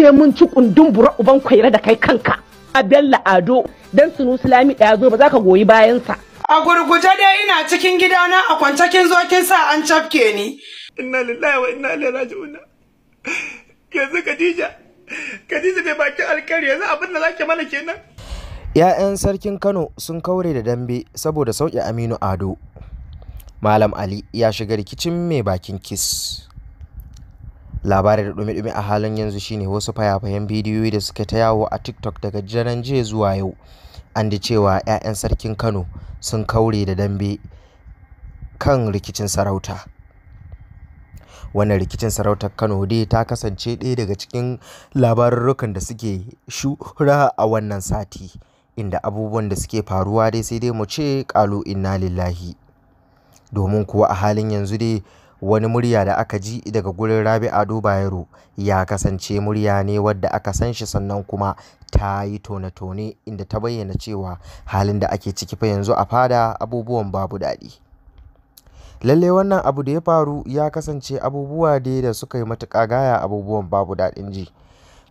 sai mun ci kundin bura uban kwaira da kai kanka a bello ado dan sunu sulami ya zo ba za ka goyi bayansa a gurguje dai ina cikin gidana a kwance kin zo kin sa an cafke ni inna lillahi wa inna ilaihi raji'un yanzu Khadija Khadija bai baki alkari yanzu abin da zake mana kenan ‘Ya'yan sarkin Kano sun kaure da dambe saboda sauƙi Aminu Ado. Malam Ali ya shiga rikicin mai bakin kis. labarin da dumi-dumi a halin yanzu shine wasu fayafayen bidiyoyi da suka ta yawo a tiktok daga jiran jiya zuwa yau an ji cewa 'ya'yan sarkin kano sun kaure da dambe kan rikicin sarauta wannan rikicin sarautar kano dai ta kasance ɗaya daga cikin labarurrukan da suke shura a wannan sati inda abubuwan da suke faruwa dai sai dai mu ce kalu inna lillahi domin kuwa a halin yanzu dai wani murya da aka ji daga gurin Rabi Ado Bayero ya kasance murya ne wadda aka san shi sannan kuma ta yi tone-tone inda ta bayyana cewa halin da ake ciki fa yanzu a fada abubuwan babu daɗi. Lalle wannan abu da ya faru ya kasance abubuwa da da suka yi matuƙa gaya abubuwan babu daɗin ji.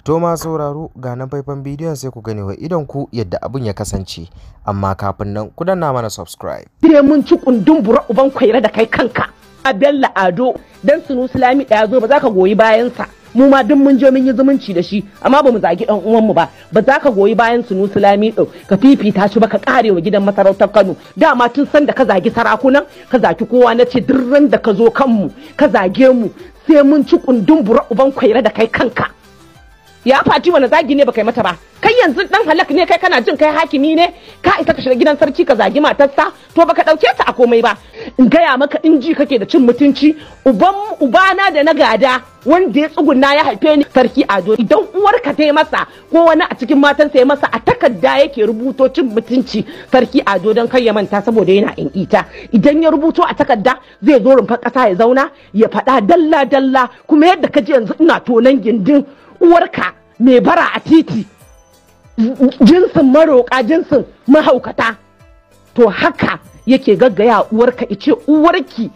To ma sauraro ga nan faifan bidiyon sai ku gani wa idon ku yadda abun ya kasance amma kafin nan ku danna mana subscribe. Dire mun ci kundin bura uban kwaira da kai kanka. a Bello Ado dan Sunusi islami ɗaya zo ba za ka goyi bayansa mu ma duk mun je mun yi zumunci da shi amma ba mu zagi dan mu ba ba za ka goyi bayan Sunusi Lami ɗau ka fifita shi ba ka kare wa gidan masarautar Kano dama tun san da ka zagi sarakunan ka zagi kowa na ce duk da ka zo kanmu ka zage mu sai mun ci kundin bura uban kwaira da kai kanka ya fati wani zagi ne baka yi mata ba kai yanzu dan halak ne kai kana jin kai hakimi ne ka isa ka shiga gidan sarki ka zagi matarsa to baka dauke ta a komai ba in gaya maka in ji kake da cin mutunci uban ubana da na gada wanda ya tsuguna ya haife ni sarki ado idan uwarka ta yi masa ko wani a cikin matan matansa ya masa a takarda yake rubuto cin mutunci sarki ado don kai ya manta saboda yana in ita idan ya rubuto a takarda zai zo rumfa kasa ya zauna ya faɗa dalla dalla kuma yadda ka ji yanzu ina tonan gindin uwarka mai bara a titi jinsin maroƙa jinsin mahaukata to haka yake gaggaya uwarka ice uwarki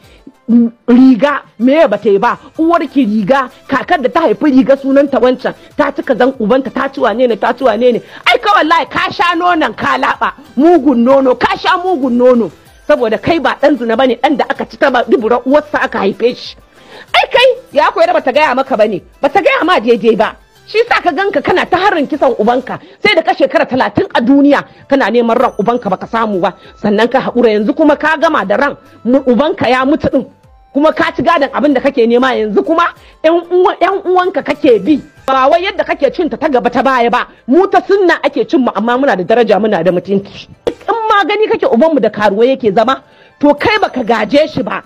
riga me ba ta yi ba uwarki riga kakar da ta haifi riga sunanta wancan ta cika zan ubanta ta ci wane ne ta ci wane ne ai ka wallahi ka sha nonon ka laba mugun nono ka sha mugun nono saboda kai ba dan zina bane dan da aka ci ta ba dubura uwarsa aka haife shi ai kai ya koyar ba ta gaya maka bane ba ta gaya ma daidai ba shi sa ka ganka kana ta harin kisan ubanka sai da ka shekara talatin a duniya kana neman ran ubanka baka samu ba sannan ka haƙura yanzu kuma ka gama da ran ubanka ya mutu din kuma ka ci gadon abin da kake nema yanzu kuma yan uwanka kake bi ba wai yadda kake cin ta gaba ta baya ba mu ta sunna ake cin mu amma muna da daraja muna da mutunci in ma gani kake ubanmu da karuwa yake zama to kai baka gaje shi ba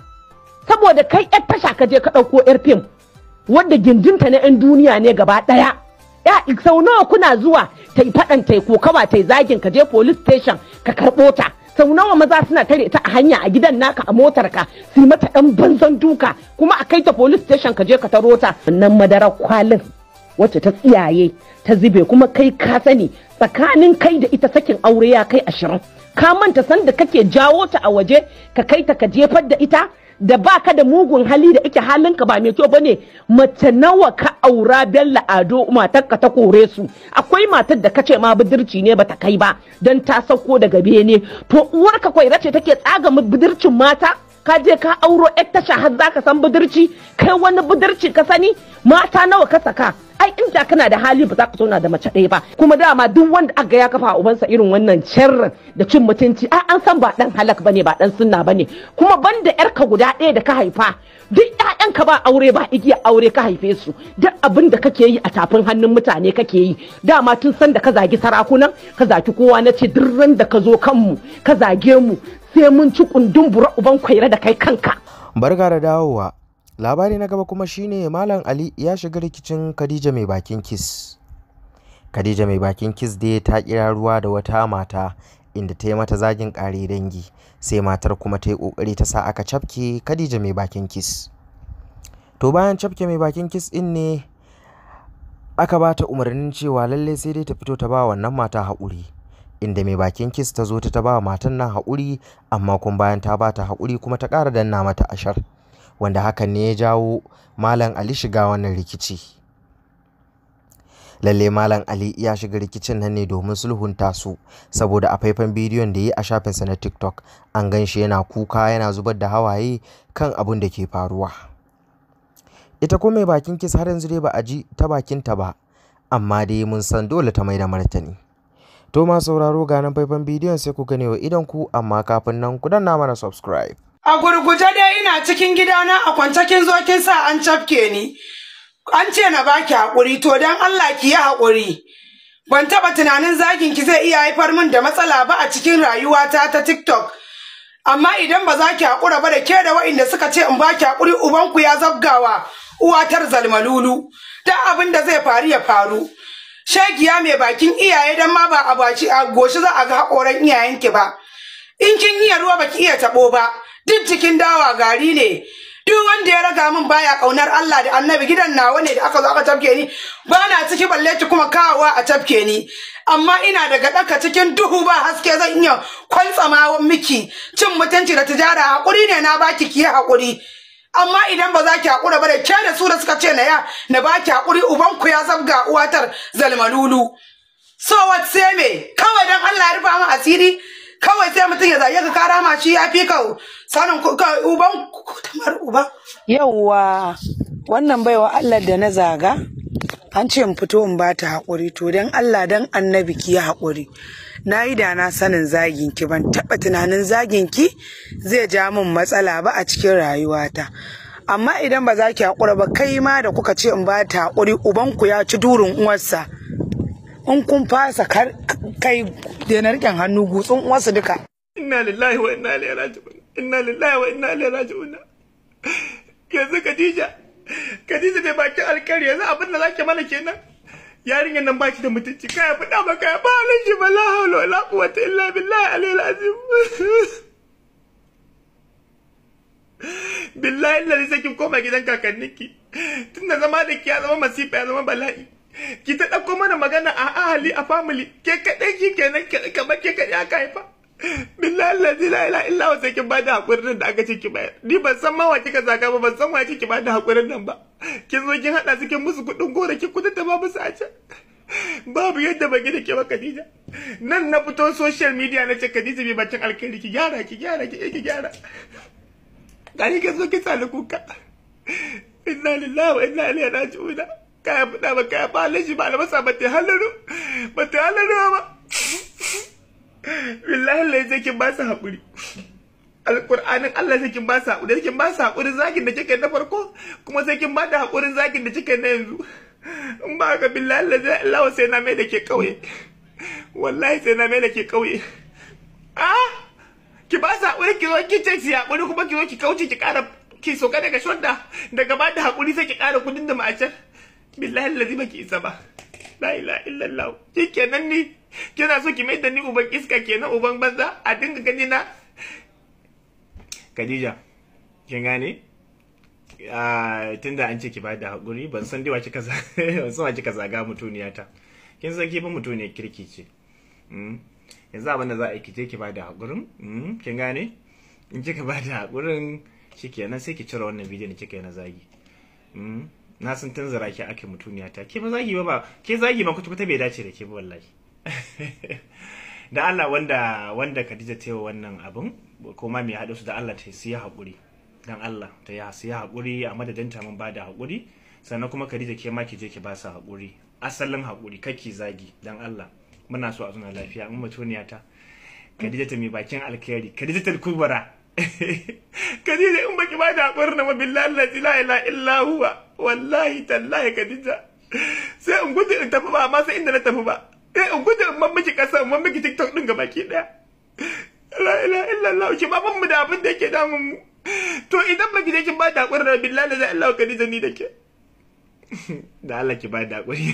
saboda kai yar tasha ka je ka ɗauko yar fim wadda gindinta na 'yan duniya ne gaba ɗaya ya sau nawa kuna zuwa ta yi faɗan ta yi kokawa ta yi zagin ka je police station ka karɓo ta sau nawa maza suna tare ta a hanya a gidan naka a motar ka su mata ɗan banzan duka kuma a kai ta police station ka je ka taro ta Sannan madarar kwalin wacce ta tsiyaye ta zube kuma kai ka sani tsakanin kai da ita sakin aure ya kai ashirin ka manta sanda kake jawo ta a waje ka kai ta ka jefar da ita da baka da mugun hali da ike halinka ba mai kyau bane mace nawa ka aura Bello ado matarka ta kore su akwai matar da kace ma budurci ne bata kai ba dan ta sauko daga bene to uwarka kwaira ce take tsaga budurcin mata ka je ka auro yar tasha har zaka san budurci kai wani budurci ka sani mata nawa ka saka ai da kana da hali ba za ka zauna da mace ɗaya ba kuma dama duk wanda aka ga ya kafa ubansa irin wannan sharrin da cin mutunci a an san ba dan halak bane ba dan sunna bane kuma banda yarka guda ɗaya da ka haifa duk 'ya'yanka ba aure ba igiya aure ka haife su duk abin da kake yi a tafin hannun mutane kake yi dama tun san da ka zagi sarakunan ka zagi kowa na ce duk da ka zo kanmu ka zage mu sai mun ci kundin bura uban kwaira da kai kanka barka da dawowa labari na gaba kuma shine malam ali ya shiga rikicin khadija mai bakin kis khadija mai bakin kis dai ta kira ruwa da wata mata inda ta yi mata zagin kare dangi sai matar kuma ta yi kokari ta sa aka cafke khadija mai bakin kis to bayan cafke mai bakin kis din ne aka ba ta umarnin cewa lalle sai dai ta fito ta ba wannan mata haƙuri inda mai bakin kis ta zo ta ta ba matan nan haƙuri amma kuma bayan ta ba ta haƙuri kuma ta ƙara danna mata ashar wanda hakan ne ya jawo Malam Ali shiga wannan rikici. Lalle Malam Ali ya shiga rikicin nan ne domin sulhunta su saboda a faifan bidiyon da ya yi a shafinsa na TikTok an gan shi yana kuka yana zubar da hawaye kan abin da ke faruwa. Ita ko mai bakin kisa har yanzu dai ba a ji ta bakinta ba, amma dai mun san dole ta mai da martani. To ma sauraro ganin faifan bidiyon sai ku gane wa idan ku amma kafin nan ku danna mana subscribe. a gurguje dai ina cikin gidana a kwance kin zo kin sa an cafke ni an ce na baki haƙuri to dan Allah ki yi haƙuri ban taɓa tunanin zagin ki zai iya haifar min da matsala ba a cikin rayuwata ta TikTok amma idan ba za ki haƙura ba da ke da wa'inda suka ce in baki haƙuri ku ya zabgawa uwatar zalmalulu Ta abin da zai faru ya faru shagiya mai bakin iyaye dan ma ba a baci a goshi za a ga hakoran iyayenki ba in kin iya ruwa baki iya tabo ba duk cikin dawa gari ne duk wanda ya raga min baya kaunar Allah da annabi gidan nawa ne da aka zo aka tafke ni ba na ciki balle ki kuma kawowa a tafke ni amma ina daga daka cikin duhu ba haske zan iya kwantsamawan miki cin mutunci da tijara hakuri ne na baki ki hakuri amma idan ba za ki hakura ba da ke da su da suka ce na ya na baki hakuri uban ku ya zabga uwatar zalmalulu so what say me kawai dan Allah ya rufa min asiri kawai sai mutum ya zage ka kara ma shi ya fi ka sanin uban tamar uba yawwa wannan baiwa Allah da na zaga an ce in fito in ba ta haƙuri to dan Allah dan annabi ki ya haƙuri na yi da na sanin zagin ki ban taɓa tunanin zagin ki zai ja min matsala ba a cikin rayuwata amma idan ba za ki haƙura ba kai ma da kuka ce in ba ta haƙuri ubanku ya ci durin uwarsa in kun fasa kai da na riƙen hannu gutsun uwarsu duka inna lillahi wa inna ilaihi raji'un inna lillahi wa inna ilaihi raji'un yanzu Khadija Khadija bai baki alkari yanzu abin da zake mana kenan yarinyar nan baki da mutunci kai da maka ya ba halin shi ba la hawla wala quwwata illa billahi alayhi azim billahi lalli sai kin koma gidan kakanninki tunda zama da ki ya zama masifa ya zama bala'i ki ta ɗauko mana magana a ahali a family ke kaɗai ki kenan kamar ke kaɗai aka haifa billahi allazi la ilaha illa huwa sai ki bada hakurin da aka ce ki bayar ni ban san ma wa kika zaka ba ban san wa kike bada hakurin nan ba kin zo kin hada su kin musu kuɗin gora kin kudin ta ba musu a can babu yadda ba gida ke ba Khadija nan na fito social media na ce Khadija bi bacin alkhairi ki gyara ki gyara ki ki gyara gani ka zo ki tsali kuka inna lillahi wa inna ilaihi raji'un kaya fada ba kaya ba lashi ba almasa masa ta halaru ba ta halaru ba billahi Allah zai kin ba su haƙuri alƙur'anin Allah sai kin ba su haƙuri kin ba su haƙurin zagin da kika na farko kuma sai kin ba da haƙurin zagin da kika na yanzu in ba ka billahi Allah zai Allah sai na mai da ke kauye wallahi sai na mai da ke kauye ah ki ba su haƙuri ki zo ki ce ki haƙuri kuma ki zo ki kauce ki ƙara ki soka daga shonda daga ba da haƙuri sai ki ƙara kudin da ma'acar billahi lazi baki isa ba la ilaha illallah kenan ni kina so ki mai da ni uban iska kenan uban banza a dinga gani na Khadija kin gane ah, tunda an ce ki ba da hakuri ban san dai wace kaza ban san wace kaza ga mutuniya ta kin san ki ba mutuniyar kirki ce hmm? yanzu abin da za a kije ki ba da hakurin hmm? kin gane in kika ba da hakurin shikenan sai ki cire wannan bidiyon da kika yi na zagi hmm? na san tun zara ke ake mutuniya ta ke ba zagi ba ke zagi ma kuta bai dace da ke ba wallahi da Allah wanda wanda Khadija ta yi wannan abin ko ma me haɗu su da Allah ta yi haƙuri dan Allah ta yi su ya haƙuri a madadin ta mun bada haƙuri sannan kuma Khadija ke ma ki je ki ba su haƙuri asalin haƙuri kake zagi dan Allah muna so a zuna lafiya in mutuniya ta Khadija ta mai bakin alkhairi Khadija ta kubara Khadija in baki bada haƙuri na billahi la ilaha illa huwa wallahi tallahi Khadija sai in gudu in tafi ba amma sai inda na tafi ba eh in gudu in mamaki kasa in mamaki TikTok din gabaki daya la ilaha illallah shi ba mu da abin da yake damun mu to idan baki da kin ba da hakuri da billahi la ilaha Khadija ni da ke da Allah ki ba da hakuri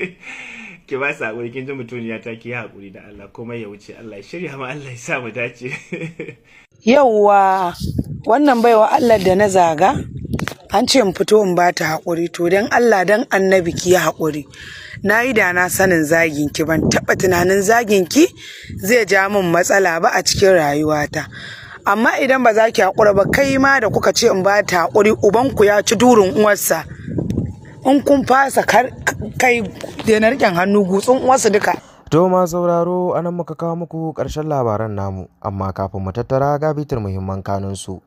ki ba sa hakuri kin ji mutuniya ta ki hakuri da Allah komai ya wuce Allah ya shirya ma Allah ya sa mu dace yawwa wannan baiwa Allah da na zaga an ce in fito in bata haƙuri to dan Allah dan annabi ki ya haƙuri na yi da na sanin zagin ki ban taɓa tunanin zagin ki zai ja min matsala ba a cikin rayuwata amma idan ba za ki haƙura ba kai ma da kuka ce in bata haƙuri uban ku ya ci durin uwarsa in kun fasa kai na hannu gutsun uwarsa duka To ma sauraro anan muka kawo muku ƙarshen labaran namu amma kafin mu tattara ga bitar muhimman kanunsu.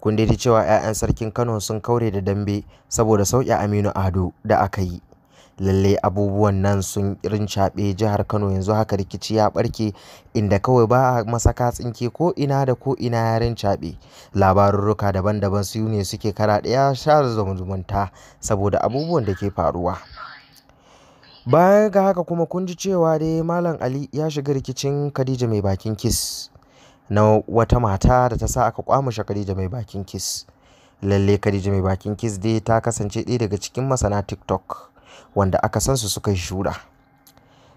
kun dai cewa 'ya'yan sarkin Kano sun kaure da dambe saboda sauƙi Aminu Ado da aka yi. Lalle abubuwan nan sun rincaɓe jihar Kano yanzu haka rikici ya ɓarke inda kawai ba a masaka tsinke ko ina da ko ina ya rincaɓe. Labarurruka daban-daban su ne suke kara ɗaya share zumunta saboda abubuwan da ke faruwa. bayan ga haka kuma kun ji cewa dai Malam Ali ya shiga rikicin Khadija mai bakin kiss. na wata mata da ta sa aka kwamushe Khadija mai bakin Kis, Lalle Khadija mai bakin Kis dai ta kasance ɗaya daga cikin masana TikTok wanda aka san su suka yi shura.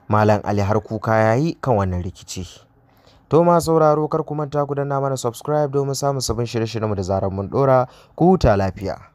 Malam Ali har kuka yayi kan wannan rikici. To ma sauraro kar ku manta ku danna mana subscribe domin samun sabon shirye-shiryenmu da zarar mun dora ku huta lafiya.